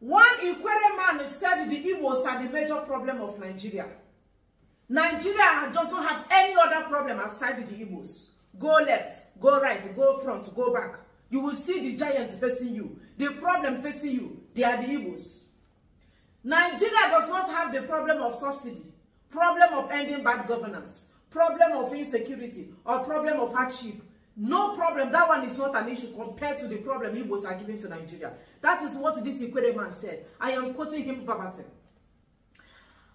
One inquiry man said the Igbos are the major problem of Nigeria. Nigeria doesn't have any other problem aside the Igbos. Go left, go right, go front, go back. You will see the giants facing you. The problem facing you, they are the Igbos. Nigeria does not have the problem of subsidy, problem of ending bad governance, problem of insecurity, or problem of hardship. No problem. That one is not an issue compared to the problem Igbos are giving to Nigeria. That is what this Ikwere man said. I am quoting him verbatim.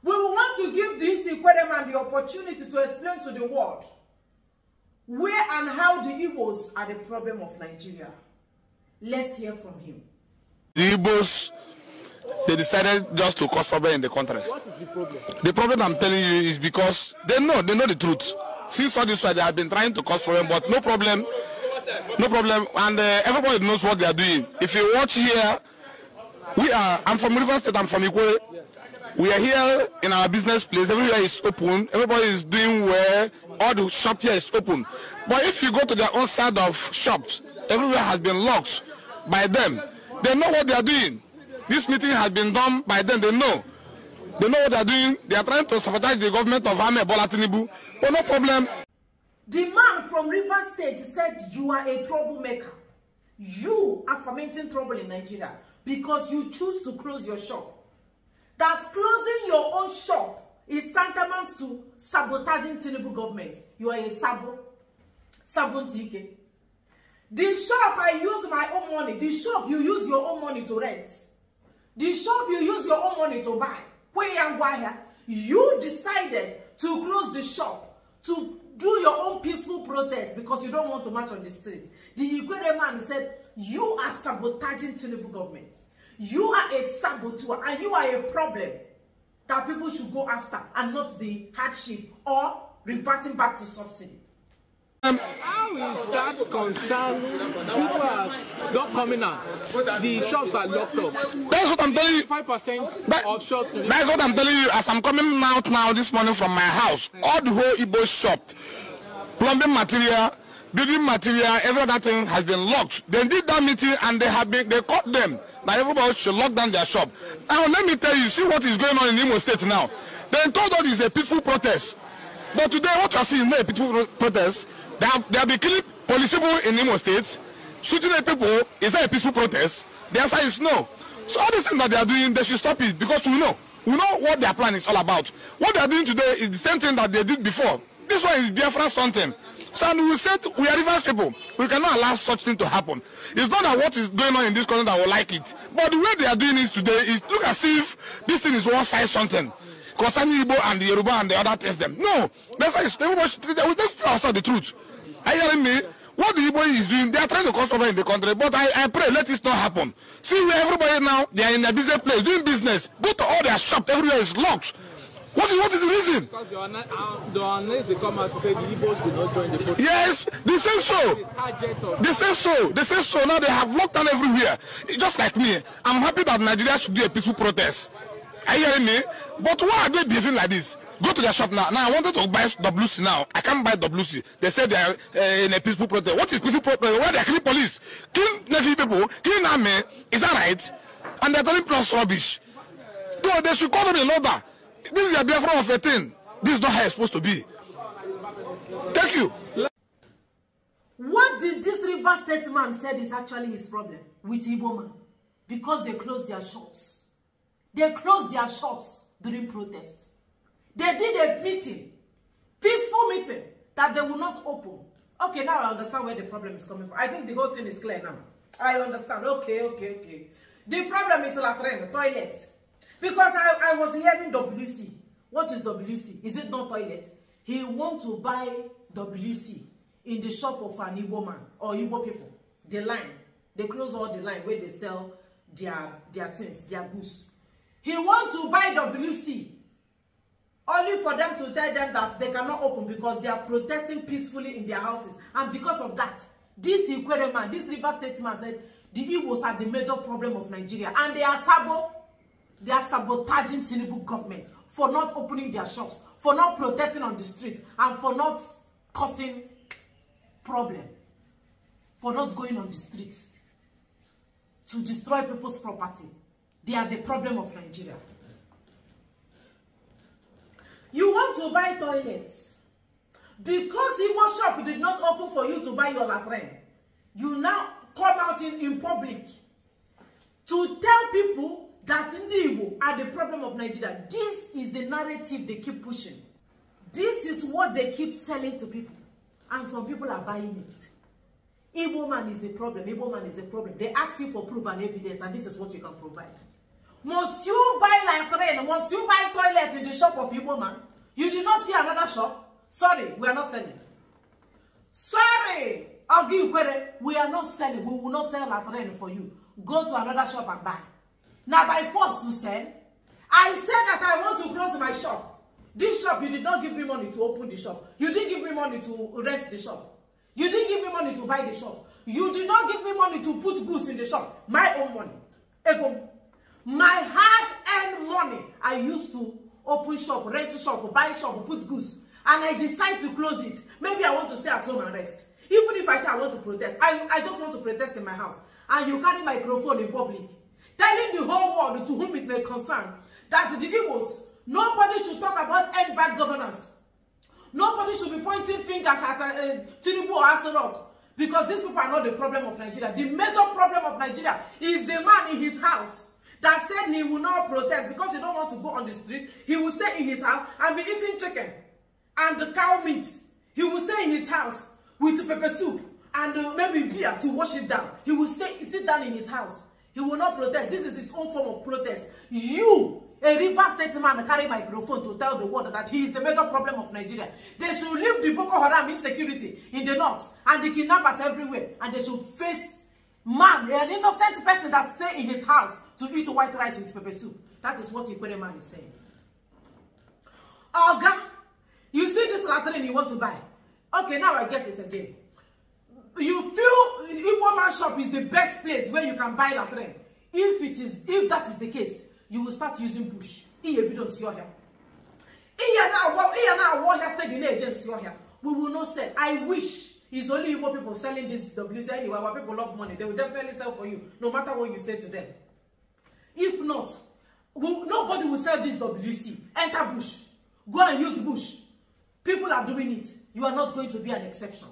We want to give this Ikwere man the opportunity to explain to the world where and how the Igbos are the problem of Nigeria. Let's hear from him. The Igbos, they decided just to cause problem in the country. What is the problem? The problem I'm telling you is because they know, they know the truth since all this while they have been trying to cause problem, but no problem, no problem. And uh, everybody knows what they are doing. If you watch here, we are. I'm from River State. I'm from Ikwe. We are here in our business place. Everywhere is open. Everybody is doing well. All the shop here is open. But if you go to their own side of shops, everywhere has been locked by them. They know what they are doing. This meeting has been done by them. They know. They know what they're doing. They are trying to sabotage the government of Ahmed Bola Tinubu. Well, oh, no problem. The man from River State said you are a troublemaker. You are fermenting trouble in Nigeria because you choose to close your shop. That closing your own shop is tantamount to sabotaging Tinubu government. You are a sabo. Sabotike. The shop I use my own money. The shop you use your own money to rent. The shop you use your own money to buy. Kweyangwaya, you decided to close the shop to do your own peaceful protest because you don't want to march on the street. The Igwede man said, you are sabotaging Tinubu government. You are a saboteur and you are a problem that people should go after and not the hardship or reverting back to subsidy. Um, how is that Concern People are not coming out. The shops are locked up. That's what I'm telling you. Five percent of shops. That's what I'm telling you. As I'm coming out now this morning from my house, all the whole Igbo shop, plumbing material, building material, every other thing has been locked. They did that meeting and they have been they caught them. Now everybody should lock down their shop. Now let me tell you, see what is going on in Imo State now. They told us it's a peaceful protest. But today what you are seeing is not a peaceful protest. There, have, they been killing police people in Imo State, shooting at people. Is that a peaceful protest? The answer is no. So all these things that they are doing, they should stop it because we know. We know what their plan is all about. What they are doing today is the same thing that they did before. This one is Biafra something. So and we said we are reverse people. We cannot allow such thing to happen. It's not that what is going on in this country that we like it. But the way they are doing it today is look as if this thing is one side something. Concerning Igbo and the Yoruba and the other things them. No. That's why everybody should treat them. We just tell ourselves the truth. Are you hearing me? What the Igbo is doing, they are trying to cause trouble in the country. But I, I pray, let this not happen. See where everybody now, they are in a busy place, doing business. Go to all their shops, everywhere is locked. What is, what is the reason? Because the unless uh, they come out to pay, the Igbos will not join the protest. Yes, they say so. They say so. They say so. Now they have locked down everywhere. Just like me, I'm happy that Nigeria should do a peaceful protest. Are you hearing me? But why are they behaving like this? Go to their shop now. Now I wanted to buy WC now. I can't buy WC. They said they are uh, in a peaceful protest. What is peaceful protest? Why they killing police, killing Navy people, killing army? Is that right? And they're telling plus rubbish. No, they should call them in order. This is a Biafra of 13. This is not how it's supposed to be. Thank you. What did this River State man said is actually his problem with Iboma? Because they closed their shops. They closed their shops during protests. They did a meeting, peaceful meeting, that they will not open. Okay, now I understand where the problem is coming from. I think the whole thing is clear now. I understand. Okay, okay, okay. The problem is latrine, toilet. Because I, I was hearing WC. What is WC? Is it not toilet? He want to buy WC in the shop of an Igbo man or Igbo people. The line. They close all the line where they sell their, their things, their goods. He want to buy WC only for them to tell them that they cannot open because they are protesting peacefully in their houses and because of that this ikwere man this river state man said the igbos are the major problem of nigeria and they are sabo they are sabotaging tinubu government for not opening their shops for not protesting on the streets, and for not causing problem for not going on the streets to destroy people's property they are the problem of nigeria You want to buy toilets. Because Igbo shop did not open for you to buy your latrine, you now come out in, in public to tell people that ndị Igbo are the problem of Nigeria. This is the narrative they keep pushing. This is what they keep selling to people. And some people are buying it. Igbo man is the problem. Igbo man is the problem. They ask you for proof and evidence, and this is what you can provide must you buy like train must you buy toilet in the shop of Igbo man you did not see another shop sorry we are not selling sorry ogi ikwere we are not selling we will not sell latrine for you go to another shop and buy Now, by force to sell i said that i want to close my shop this shop you did not give me money to open the shop you didn't give me money to rent the shop you didn't give me money to buy the shop you did not give me money to put goods in the shop my own money ego my hard-earned money i used to open shop rent shop buy shop put goods and i decide to close it maybe i want to stay at home and rest even if i say i want to protest i i just want to protest in my house and you carry microphone in public telling the whole world to whom it may concern that the Igbos nobody should talk about end bad governance nobody should be pointing fingers at uh, uh Tinubu or Asorok because these people are not the problem of Nigeria the major problem of Nigeria is the man in his house that said he will not protest because he don't want to go on the street. He will stay in his house and be eating chicken and cow meat. He will stay in his house with pepper soup and uh, maybe beer to wash it down. He will stay, sit down in his house. He will not protest. This is his own form of protest. You, a river state man, carry microphone to tell the world that he is the major problem of Nigeria. They should leave the Boko Haram insecurity in the north and the kidnappers everywhere and they should face man, an innocent person that stay in his house to eat white rice with pepper soup. That is what Ikwere man is saying. Oga, you see this latrine you want to buy. Okay, now I get it again. You feel Igbo man shop is the best place where you can buy latrine. If it is, if that is the case, you will start using bush. Iye bidon si ohia. Iye na awo, iye na awo ya steady na agent si ohia. We will not sell. I wish It's only Igbo people selling this WC anyway. Our people love money. They will definitely sell for you, no matter what you say to them. If not, will, nobody will sell this WC. Enter bush. Go and use bush. People are doing it. You are not going to be an exception.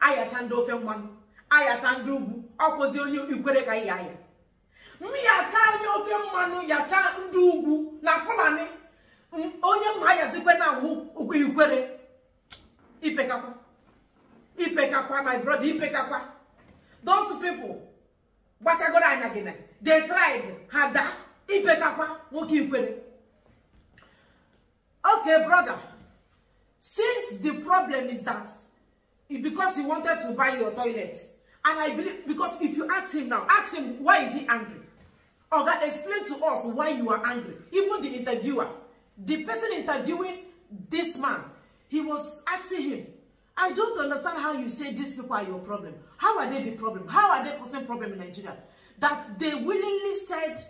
Ayatando Femwan. Ayatando Ugu. Ọkwazi onye ikwere ka ihe ahịa. M yacha onye ofe mmanụ yacha ndị ugwu na Fulani. Mm, onye mma zikwe na ugwu ikwere. Ipekakwa. Ipekakwa, my brother, Ipekakwa. Those people, Bachagora Anyagina, they tried Hada, Ipekakwa, Woki Ikwere. Okay, brother, since the problem is that because he wanted to buy your toilet, and I believe, because if you ask him now, ask him, why is he angry? Oga, explain to us why you are angry. Even the interviewer, the person interviewing this man, he was asking him, I don't understand how you say these people are your problem. How are they the problem? How are they causing problem in Nigeria? That they willingly said,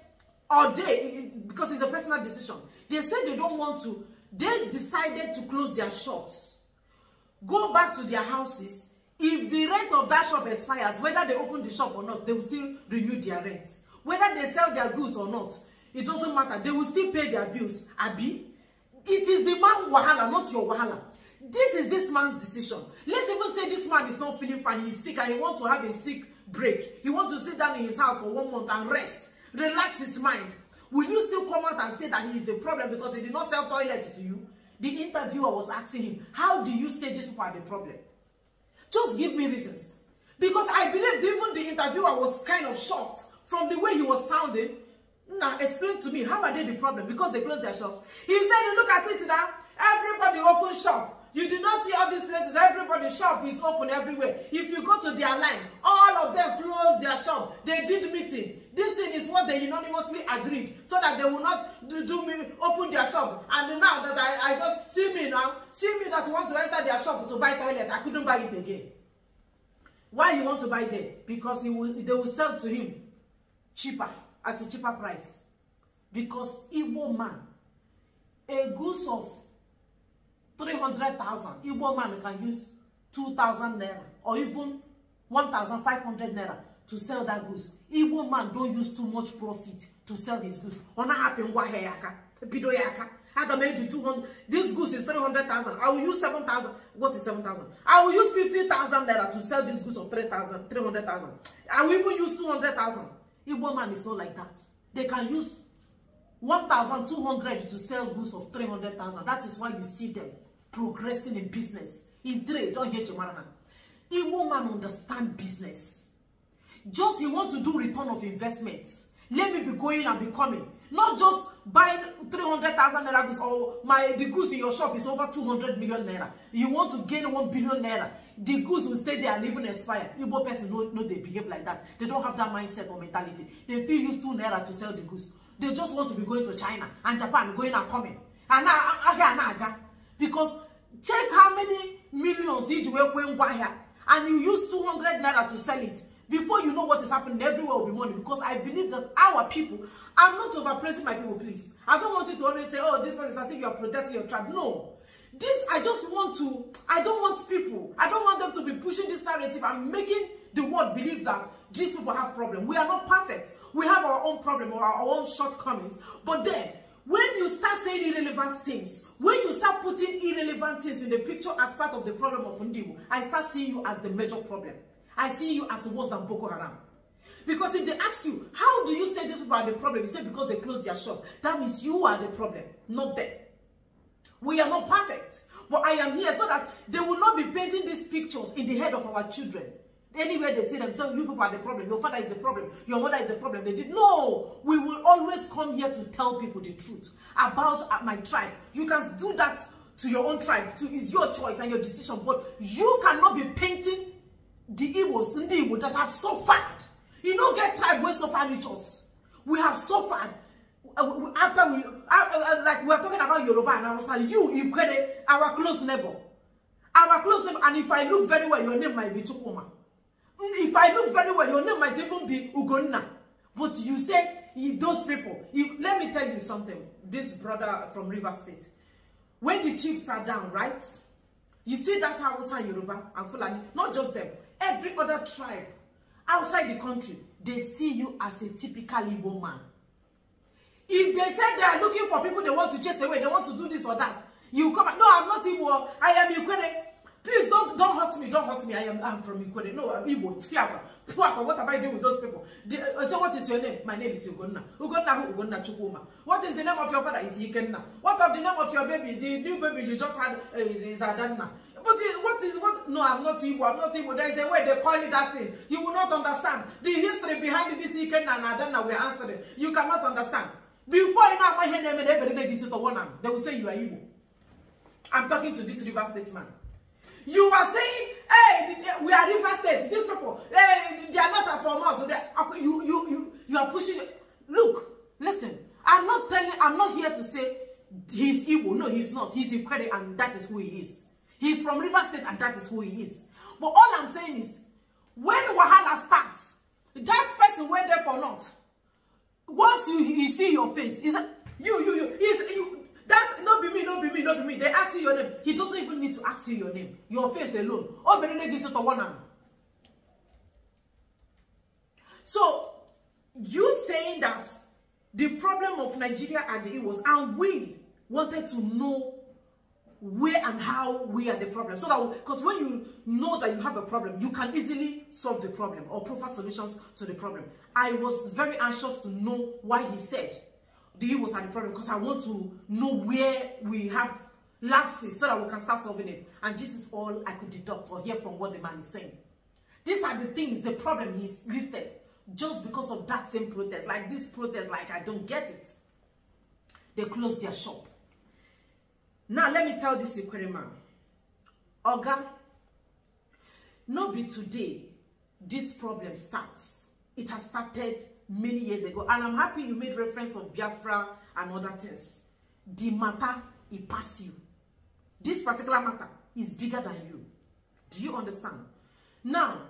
or they, because it's a personal decision, they said they don't want to, they decided to close their shops, go back to their houses. If the rent of that shop expires, whether they open the shop or not, they will still renew their rent. Whether they sell their goods or not, it doesn't matter. They will still pay their bills. Abi, it is the man wahala, not your wahala this is this man's decision let's even say this man is not feeling fine he's sick and he wants to have a sick break he wants to sit down in his house for one month and rest relax his mind will you still come out and say that he is the problem because he did not sell toilet to you the interviewer was asking him how do you say this people are the problem just give me reasons because i believe even the interviewer was kind of shocked from the way he was sounding now explain to me how are they the problem because they closed their shops he said look at it now everybody open shop You did not see all these places. Everybody's shop is open everywhere. If you go to their line, all of them closed their shop. They did meeting. This thing is what they unanimously agreed so that they will not do, do me open their shop. And now that I, I just see me now, see me that want to enter their shop to buy toilet, I couldn't buy it again. Why you want to buy them? Because he will, they will sell to him cheaper, at a cheaper price. Because evil man, a goose of 300,000, Igbo man can use 2,000 naira or even 1,500 naira to sell that goods. Igbo man don't use too much profit to sell his goods. Ona happy ngwa he yaka, bido yaka. Aga me do 200. This goods is 300,000. I will use 7,000. What is 7,000? I will use 15,000 naira to sell this goods of 3,000, 300,000. I will even use 200,000. Igbo man is not like that. They can use 1,200 to sell goods of 300,000. That is why you see them progressing in business. Idre, don't hear Jemarahan. A woman understand business. Just he want to do return of investments. Let me be going and be coming. Not just buying 300,000 naira goods or my the goods in your shop is over 200 million naira. You want to gain 1 billion naira. The goods will stay there and even expire. Igbo person know, know they behave like that. They don't have that mindset or mentality. They feel use 2 naira to sell the goods. They just want to be going to China and Japan going and coming. And now, again aga, again Because check how many millions each way when wire and you use 200 naira to sell it before you know what is happening everywhere will be money because i believe that our people i'm not overpraising my people please i don't want you to always say oh this person is as if you are protecting your tribe no this i just want to i don't want people i don't want them to be pushing this narrative and making the world believe that these people have problem we are not perfect we have our own problem or our own shortcomings but then when you start saying irrelevant things, when you start putting irrelevant things in the picture as part of the problem of Ndimu, I start seeing you as the major problem. I see you as worse than Boko Haram. Because if they ask you, how do you say these people are the problem? You say because they closed their shop. That means you are the problem, not them. We are not perfect. But I am here so that they will not be painting these pictures in the head of our children. Anywhere they see themselves, you people are the problem. Your father is the problem. Your mother is the problem. They did. No, we will always come here to tell people the truth about uh, my tribe. You can do that to your own tribe. To is your choice and your decision. But you cannot be painting the evils. the Igbo that have suffered. You know, get tribe where suffer rituals. We have suffered. Uh, after we, uh, like we are talking about Yoruba and Hausa, you, Ikwere, our close neighbor. Our close neighbor, and if I look very well, your name might be Chukwuma if I look very well, your name might even be Ugonna. But you say you, those people. You, let me tell you something. This brother from River State. When the chiefs are down, right? You see that Hausa, Yoruba, and Fulani, not just them, every other tribe outside the country, they see you as a typical Igbo man. If they say they are looking for people they want to chase away, they want to do this or that, you come, no, I'm not Igbo, I am Ukraine. Please don't don't hurt me. Don't hurt me. I am I'm from Ikwede. No, I'm Igbo. Fiawa. What have I done with those people? The, uh, so what is your name? My name is Ugonna. Ugonna who? Ugonna Chukwuma. What is the name of your father? Is Ikenna. What of the name of your baby? The new baby you just had uh, is, is Adanna. But uh, what is what? No, I'm not Igbo. I'm not Igbo. There is a way they call it that thing. You will not understand. The history behind this Ikenna and Adanna we're answering. You cannot understand. Before you know my name, they will say you are Igbo. I'm talking to this River State man. You are saying, hey, we are River State. These people, hey, they are not from us. They you, you, you, you are pushing. Look, listen. I'm not telling. I'm not here to say he's evil. No, he's not. He's incredible, and that is who he is. He's from River State, and that is who he is. But all I'm saying is, when wahala starts, that person went there for not. Once you, you see your face, is you, you, you, is you your name, he doesn't even need to ask you your name. Your face alone. Oh, but gives you to one So, you saying that the problem of Nigeria at the was and we wanted to know where and how we are the problem. So that, because when you know that you have a problem, you can easily solve the problem or propose solutions to the problem. I was very anxious to know why he said the Igbos was the problem because I want to know where we have lapses so that we can start solving it. And this is all I could deduct or hear from what the man is saying. These are the things, the problem he's listed just because of that same protest. Like this protest, like I don't get it. They closed their shop. Now, let me tell this Ukraine man. Oga, no be today this problem starts. It has started many years ago. And I'm happy you made reference of Biafra and other things. The matter, it pass you. This particular matter is bigger than you. Do you understand? Now,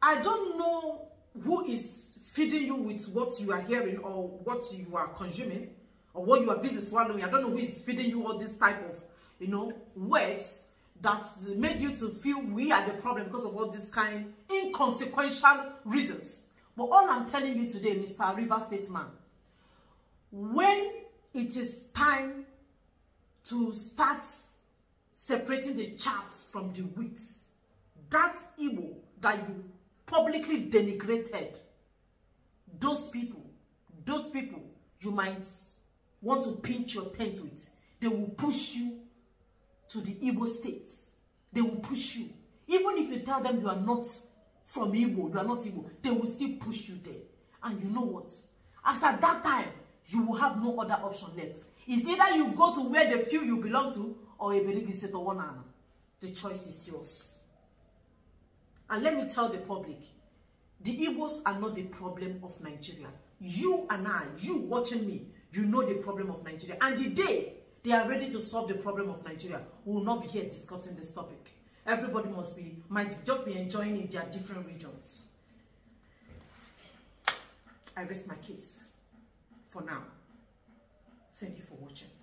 I don't know who is feeding you with what you are hearing or what you are consuming or what you are busy swallowing. I don't know who is feeding you all this type of, you know, words that made you to feel we are the problem because of all these kind inconsequential reasons. But all I'm telling you today, Mr. River Statesman, when it is time to start separating the chaff from the wheat. That Igbo that you publicly denigrated, those people, those people you might want to pinch your tent with, they will push you to the Igbo states. They will push you. Even if you tell them you are not from Igbo, you are not Igbo, they will still push you there. And you know what? As at that time, you will have no other option left. It's either you go to where they feel you belong to or Eberigisito Wanana. The choice is yours. And let me tell the public, the Igbos are not the problem of Nigeria. You and I, you watching me, you know the problem of Nigeria. And the day they are ready to solve the problem of Nigeria, we will not be here discussing this topic. Everybody must be, might just be enjoying in their different regions. I rest my case for now. Thank you for watching.